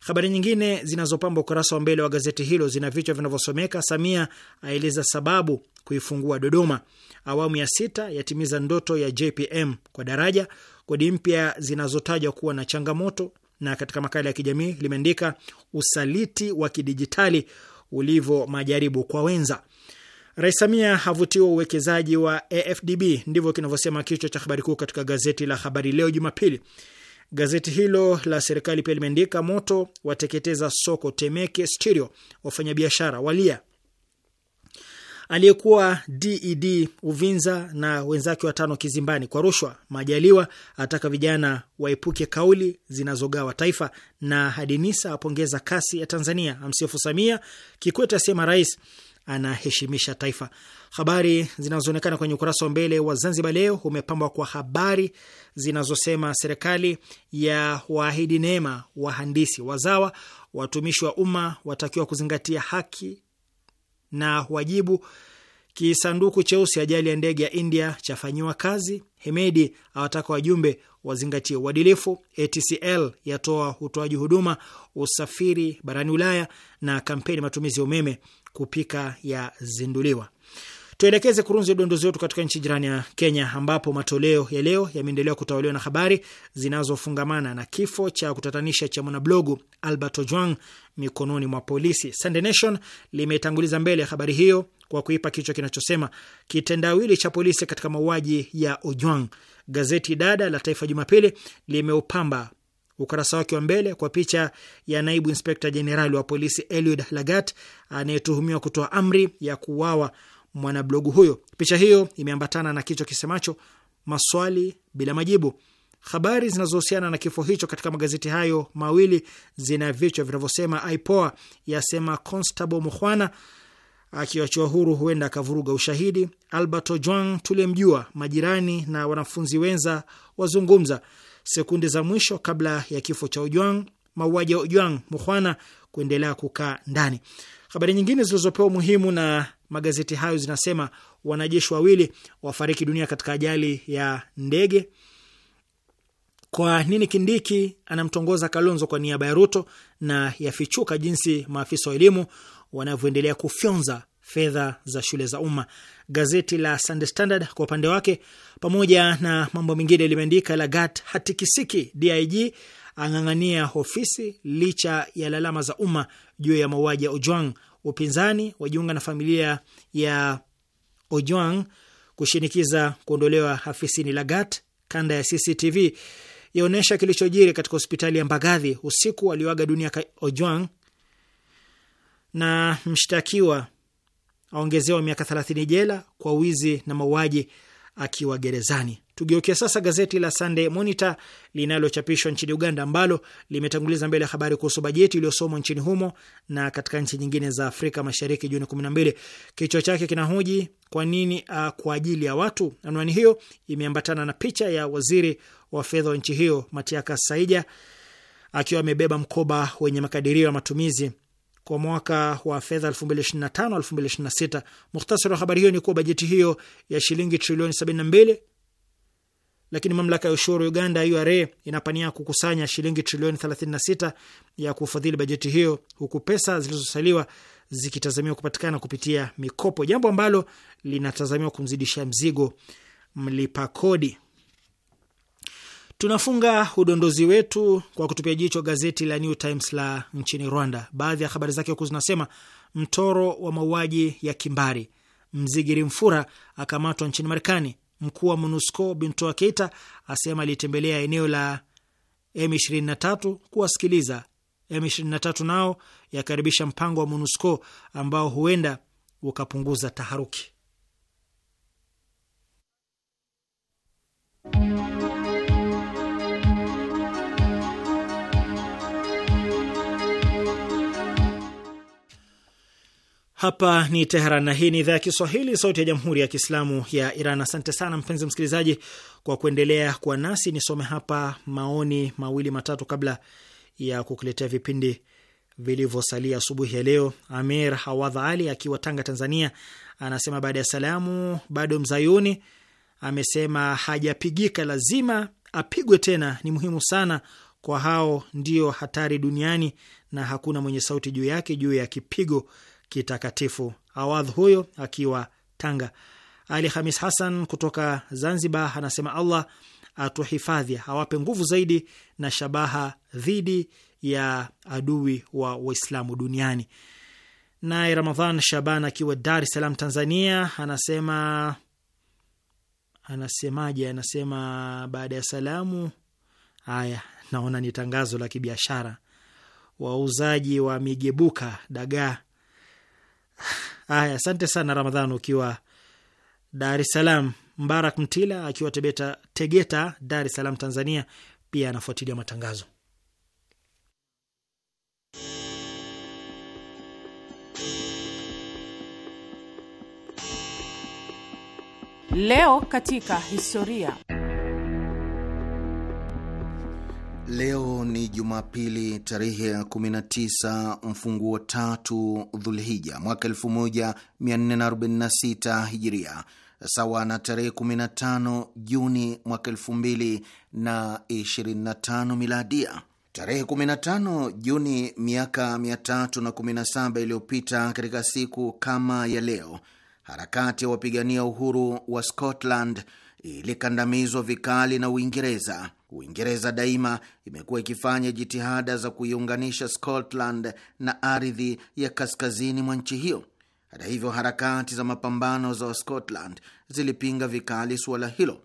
Habari nyingine zinazopamba ukurasa wa mbele wa gazeti hilo zina vichwa vinavyosomeka: Samia aeleza sababu kuifungua Dodoma, awamu ya sita yatimiza ndoto ya JPM kwa daraja, kodi mpya zinazotajwa kuwa na changamoto, na katika makala ya kijamii limeandika usaliti wa kidijitali ulivyo majaribu kwa wenza. Rais Samia havutiwa uwekezaji wa AFDB, ndivyo kinavyosema kichwa cha habari kuu katika gazeti la Habari Leo Jumapili. Gazeti hilo la serikali pia limeandika moto wateketeza soko Temeke Stereo, wafanyabiashara walia. Aliyekuwa DED e Uvinza na wenzake watano kizimbani kwa rushwa. Majaliwa ataka vijana waepuke kauli zinazogawa taifa, na Hadinisa apongeza kasi ya Tanzania, amsifu Samia. Kikwete asema rais anaheshimisha taifa. Habari zinazoonekana kwenye ukurasa wa mbele wa Zanzibar Leo umepambwa kwa habari zinazosema serikali ya waahidi neema wahandisi wazawa, watumishi wa umma watakiwa kuzingatia haki na wajibu, kisanduku cheusi ajali ya ndege ya India chafanyiwa kazi, Hemedi awataka wajumbe wazingatie uadilifu, ATCL yatoa utoaji huduma usafiri barani Ulaya, na kampeni matumizi ya umeme kupika zinduliwa Tuelekeze kurunzi udondozi wetu katika nchi jirani ya Kenya, ambapo matoleo ya leo yameendelea kutawaliwa na habari zinazofungamana na kifo cha kutatanisha cha mwanablogu Albert Ojwang mikononi mwa polisi. Sunday Nation limetanguliza mbele ya habari hiyo kwa kuipa kichwa kinachosema kitendawili cha polisi katika mauaji ya Ojwang. Gazeti dada la Taifa Jumapili limeupamba ukurasa wake wa mbele kwa picha ya naibu inspekta jenerali wa polisi Eliud Lagat anayetuhumiwa kutoa amri ya kuuawa mwanablogu huyo. Picha hiyo imeambatana na kichwa kisemacho maswali bila majibu. Habari zinazohusiana na kifo hicho katika magazeti hayo mawili zina vichwa vinavyosema IPOA yasema Constable Mukhwana akiwachiwa huru huenda akavuruga ushahidi. Albert Jwang tulimjua, majirani na wanafunzi wenza wazungumza sekunde za mwisho kabla ya kifo cha Ojwang, mauaji ya Ojwang Mukhwana kuendelea kukaa ndani. Habari nyingine zilizopewa umuhimu na magazeti hayo zinasema wanajeshi wawili wafariki dunia katika ajali ya ndege. Kwa nini Kindiki anamtongoza Kalonzo kwa niaba ya Ruto? Na yafichuka jinsi maafisa wa elimu wanavyoendelea kufyonza fedha za shule za umma. Gazeti la Sunday Standard kwa upande wake, pamoja na mambo mengine, limeandika Lagat hatikisiki, DIG ang'ang'ania ofisi licha ya lalama za umma juu ya mauaji ya Ojwang. Upinzani wajiunga na familia ya Ojwang kushinikiza kuondolewa afisini. Lagat kanda ya CCTV yaonyesha kilichojiri katika hospitali ya Mbagadhi usiku alioaga dunia Ojwang na mshtakiwa aongezewa miaka 30 jela kwa wizi na mauaji akiwa gerezani. Tugeukia sasa gazeti la Sunday Monitor linalochapishwa nchini Uganda, ambalo limetanguliza mbele ya habari kuhusu bajeti iliyosomwa nchini humo na katika nchi nyingine za Afrika Mashariki Juni 12. Kichwa chake kinahoji kwa nini uh, kwa ajili ya watu. Anwani hiyo imeambatana na picha ya waziri wa fedha wa nchi hiyo Matiaka Saija akiwa amebeba mkoba wenye makadirio ya matumizi kwa mwaka wa fedha 2025 2026. Mukhtasari wa habari hiyo ni kuwa bajeti hiyo ya shilingi trilioni 72, lakini mamlaka ya ushuru Uganda URA inapania kukusanya shilingi trilioni 36 ya kufadhili bajeti hiyo, huku pesa zilizosaliwa zikitazamiwa kupatikana kupitia mikopo, jambo ambalo linatazamiwa kumzidishia mzigo mlipa kodi. Tunafunga udondozi wetu kwa kutupia jicho gazeti la New Times la nchini Rwanda. Baadhi ya habari zake huku zinasema mtoro wa mauaji ya kimbari, Mzigirimfura akamatwa nchini Marekani, mkuu wa MONUSCO Bintoa Keita asema alitembelea eneo la M23 kuwasikiliza. M23 nao yakaribisha mpango wa MONUSCO ambao huenda ukapunguza taharuki. Hapa ni Teheran na hii ni idhaa ya Kiswahili, sauti ya jamhuri ya kiislamu ya Iran. Asante sana mpenzi msikilizaji kwa kuendelea kuwa nasi. Nisome hapa maoni mawili matatu kabla ya kukuletea vipindi vilivyosalia asubuhi ya leo. Amir Hawadha Ali akiwa Tanga, Tanzania, anasema baada ya salamu, bado mzayuni amesema hajapigika, lazima apigwe tena, ni muhimu sana kwa hao, ndio hatari duniani na hakuna mwenye sauti juu yake, juu ya kipigo kitakatifu. Awadh huyo akiwa Tanga. Ali Hamis Hassan kutoka Zanzibar anasema Allah atuhifadhi, awape nguvu zaidi na shabaha dhidi ya adui wa Waislamu duniani. Naye Ramadhan Shaban akiwa Dar es Salaam, Tanzania anasema anasemaje? Anasema baada ya salamu haya, naona ni tangazo la kibiashara, wauzaji wa migebuka dagaa Haya, asante sana Ramadhan ukiwa Dar es Salaam, Mbarak Mtila akiwa Tebeta, Tegeta, Dar es Salaam, Tanzania, pia anafuatilia matangazo. Leo katika historia Leo ni Jumapili tarehe ya 19 mfunguo tatu Dhulhija mwaka 1446 Hijiria, sawa na tarehe 15 Juni mwaka 2025 Miladia. Tarehe 15 Juni miaka 317 iliyopita, katika siku kama ya leo, harakati ya wapigania uhuru wa Scotland ilikandamizwa vikali na Uingereza. Uingereza daima imekuwa ikifanya jitihada za kuiunganisha Scotland na ardhi ya kaskazini mwa nchi hiyo. Hata hivyo, harakati za mapambano za Scotland zilipinga vikali suala hilo.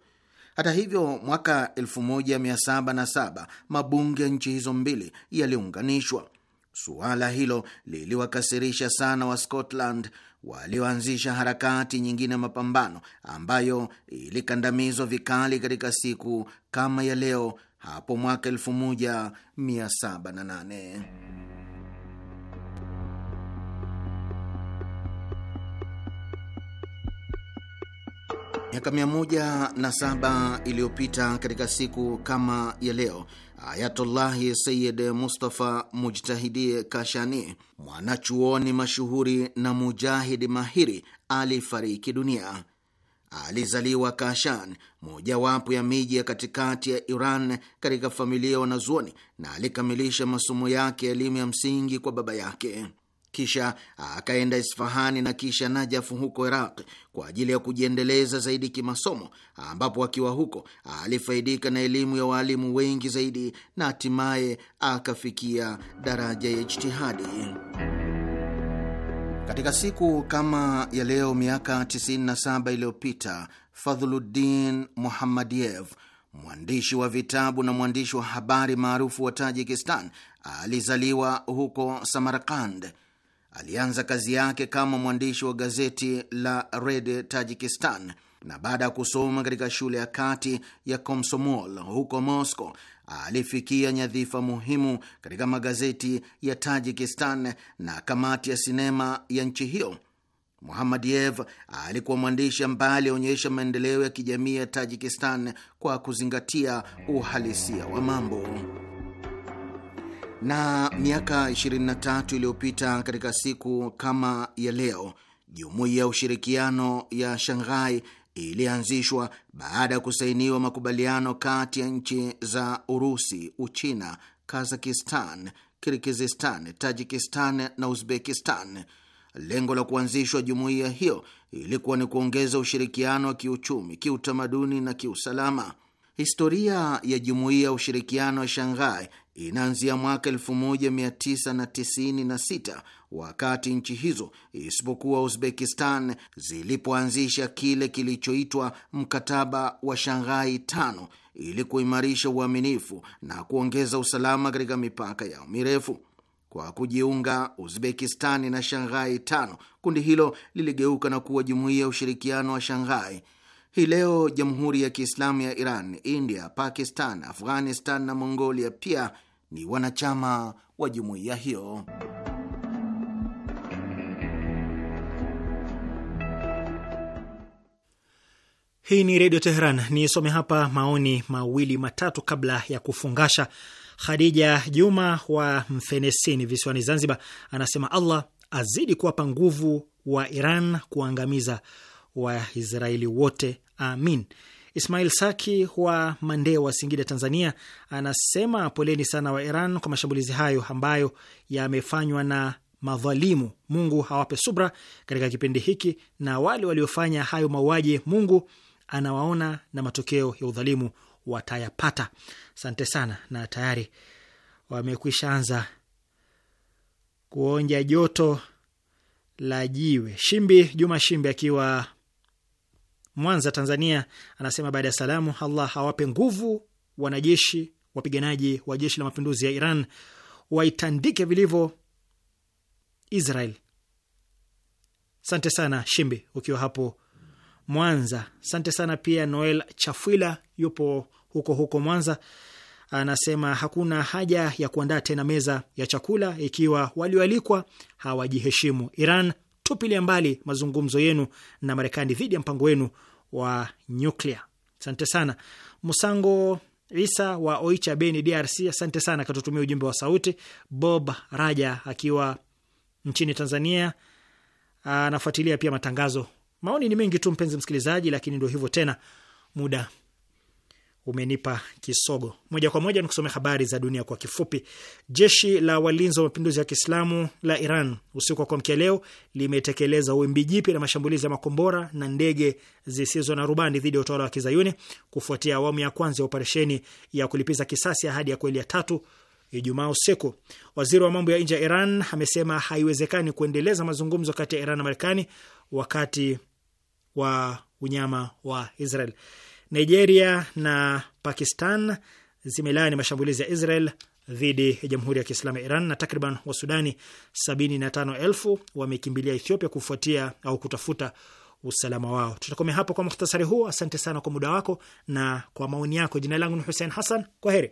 Hata hivyo, mwaka 1707 mabunge ya nchi hizo mbili yaliunganishwa. Suala hilo liliwakasirisha sana wa Scotland walioanzisha harakati nyingine ya mapambano ambayo ilikandamizwa vikali katika siku kama ya leo hapo mwaka 1708. Miaka 17 iliyopita katika siku kama ya leo Ayatullahi Sayid Mustafa Mujtahidi Kashani, mwanachuoni mashuhuri na mujahidi mahiri, alifariki dunia. Alizaliwa Kashan, mojawapo ya miji ya katikati ya Iran, katika familia ya wanazuoni na alikamilisha masomo yake ya elimu ya msingi kwa baba yake kisha akaenda Isfahani na kisha Najafu huko Iraq kwa ajili ya kujiendeleza zaidi kimasomo, ambapo akiwa huko alifaidika na elimu ya waalimu wengi zaidi na hatimaye akafikia daraja ya ijtihadi. Katika siku kama ya leo miaka 97 iliyopita Fadhuluddin Muhammadiev, mwandishi wa vitabu na mwandishi wa habari maarufu wa Tajikistan, alizaliwa huko Samarkand. Alianza kazi yake kama mwandishi wa gazeti la Red Tajikistan na baada ya kusoma katika shule ya kati ya Komsomol huko Moscow, alifikia nyadhifa muhimu katika magazeti ya Tajikistan na kamati ya sinema ya nchi hiyo. yev alikuwa mwandishi ambaye alionyesha maendeleo ya kijamii ya Tajikistan kwa kuzingatia uhalisia wa mambo. Na miaka 23 iliyopita katika siku kama ya leo, jumuiya ya ushirikiano ya Shanghai ilianzishwa baada ya kusainiwa makubaliano kati ya nchi za Urusi, Uchina, Kazakistan, Kirgizistan, Tajikistan na Uzbekistan. Lengo la kuanzishwa jumuiya hiyo ilikuwa ni kuongeza ushirikiano wa kiuchumi, kiutamaduni na kiusalama. Historia ya jumuiya ya ushirikiano wa Shanghai inaanzia mwaka 1996 wakati nchi hizo isipokuwa Uzbekistan zilipoanzisha kile kilichoitwa mkataba wa Shanghai tano ili kuimarisha uaminifu na kuongeza usalama katika mipaka yao mirefu. Kwa kujiunga Uzbekistani na Shanghai tano, kundi hilo liligeuka na kuwa Jumuiya ya Ushirikiano wa Shanghai. Hii leo Jamhuri ya Kiislamu ya Iran, India, Pakistan, Afghanistan na Mongolia pia ni wanachama wa jumuiya hiyo. Hii ni Redio Teheran. Nisome hapa maoni mawili matatu kabla ya kufungasha. Khadija Juma wa Mfenesini visiwani Zanzibar anasema Allah azidi kuwapa nguvu wa Iran kuangamiza Waisraeli wote, amin. Ismail Saki wa wa Singida, Tanzania, anasema poleni sana wa Iran kwa mashambulizi hayo ambayo yamefanywa na madhalimu. Mungu hawape subra katika kipindi hiki, na wale waliofanya hayo mauaji, Mungu anawaona na matokeo ya udhalimu watayapata. Asante sana, na tayari wamekwisha anza kuonja joto la jiwe. Shimbi Juma Shimbi akiwa Mwanza, Tanzania, anasema baada ya salamu, Allah awape nguvu wanajeshi wapiganaji wa jeshi la mapinduzi ya Iran, waitandike vilivyo Israel. Sante sana Shimbi, ukiwa hapo Mwanza. Sante sana pia Noel Chafwila, yupo huko huko Mwanza, anasema hakuna haja ya kuandaa tena meza ya chakula ikiwa walioalikwa hawajiheshimu. Iran tupilia mbali mazungumzo yenu na Marekani dhidi ya mpango wenu wa nyuklia. Asante sana. Musango Isa wa Oicha Beni, DRC, asante sana, akatutumia ujumbe wa sauti. Bob Raja akiwa nchini Tanzania anafuatilia pia matangazo. Maoni ni mengi tu, mpenzi msikilizaji, lakini ndio hivyo tena, muda umenipa kisogo. Moja kwa moja nikusomea habari za dunia kwa kifupi. Jeshi la walinzi wa mapinduzi ya Kiislamu la Iran usiku wa kuamkia leo limetekeleza wimbi jipi la mashambulizi ya makombora na ndege zisizo na rubani dhidi ya utawala wa Kizayuni kufuatia awamu ya kwanza ya operesheni ya kulipiza kisasi ahadi ya kweli ya tatu Ijumaa usiku. Waziri wa mambo ya nje ya Iran amesema haiwezekani kuendeleza mazungumzo kati ya Iran na Marekani wakati wa unyama wa Israel. Nigeria na Pakistan zimelaani mashambulizi ya Israel dhidi ya Jamhuri ya Kiislamu ya Iran na takriban Wasudani 75,000 wamekimbilia Ethiopia kufuatia au kutafuta usalama wao. Tutakomea hapo kwa muhtasari huu. Asante sana kwa muda wako na kwa maoni yako. Jina langu ni Hussein Hassan, kwa heri.